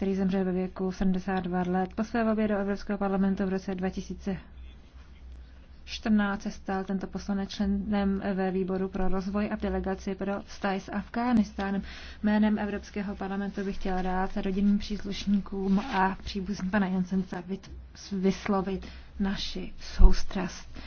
který zemřel ve věku 72 let. Po své obě do Evropského parlamentu v roce 2014 se stal tento poslanec členem ve výboru pro rozvoj a v delegaci pro vztahy s Afghánistánem. Jménem Evropského parlamentu bych dát rád rodinným příslušníkům a příbuzným pana Jansenca vyslovit naši soustrast.